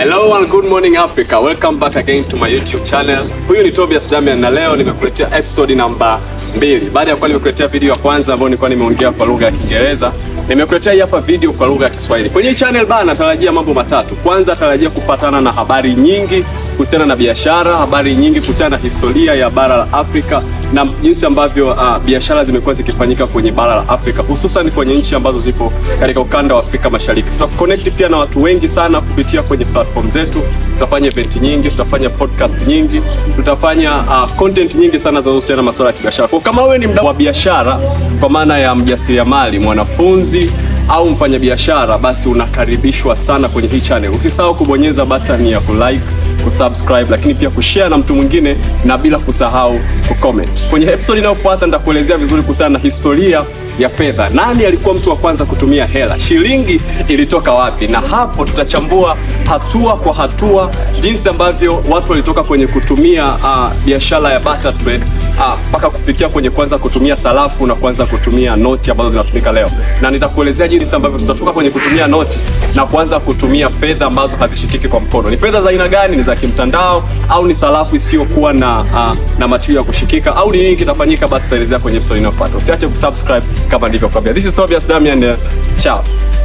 Hello and good morning Africa. Welcome back again to my YouTube channel. Huyu ni Tobias Damian na leo nimekuletea episode namba mbili. Baada ya kuwa nimekuletea video ya kwanza ambayo nilikuwa nimeongea kwa lugha ya Kiingereza, nimekuletea hapa video kwa lugha ya Kiswahili. Kwenye channel bana, natarajia mambo matatu. Kwanza, tarajia kupatana na habari nyingi kuhusiana na biashara, habari nyingi kuhusiana na historia ya bara la Afrika na jinsi ambavyo uh, biashara zimekuwa zikifanyika kwenye bara la Afrika hususan kwenye nchi ambazo zipo katika ukanda wa Afrika Mashariki. Tutakonnect pia na watu wengi sana kupitia kwenye platform zetu. Tutafanya event nyingi, tutafanya podcast nyingi, tutafanya uh, content nyingi sana zinazohusiana na masuala ya kibiashara. Kwa kama wewe ni mdau wa biashara kwa maana ya mjasiriamali, mwanafunzi au mfanyabiashara, basi unakaribishwa sana kwenye hii channel. Usisahau kubonyeza button ya kulike kusubscribe, lakini pia kushare na mtu mwingine, na bila kusahau kucomment. Kwenye episode inayofuata nitakuelezea vizuri kuhusiana na historia ya fedha. Nani alikuwa mtu wa kwanza kutumia hela? Shilingi ilitoka wapi? Na hapo tutachambua hatua kwa hatua jinsi ambavyo watu walitoka kwenye kutumia ah, biashara ya barter trade Ah, mpaka kufikia kwenye kuanza kutumia sarafu na kuanza kutumia noti ambazo zinatumika leo, na nitakuelezea jinsi ambavyo tutatoka kwenye kutumia noti na kuanza kutumia fedha ambazo hazishikiki kwa mkono. Ni fedha za aina gani? Ni za kimtandao au ni sarafu isiyokuwa na a, ah, na material ya kushikika au ni nini kitafanyika? Basi tutaelezea kwenye episode inayofuata. Usiache kusubscribe kama ndivyo This is Tobias Damian. Ciao.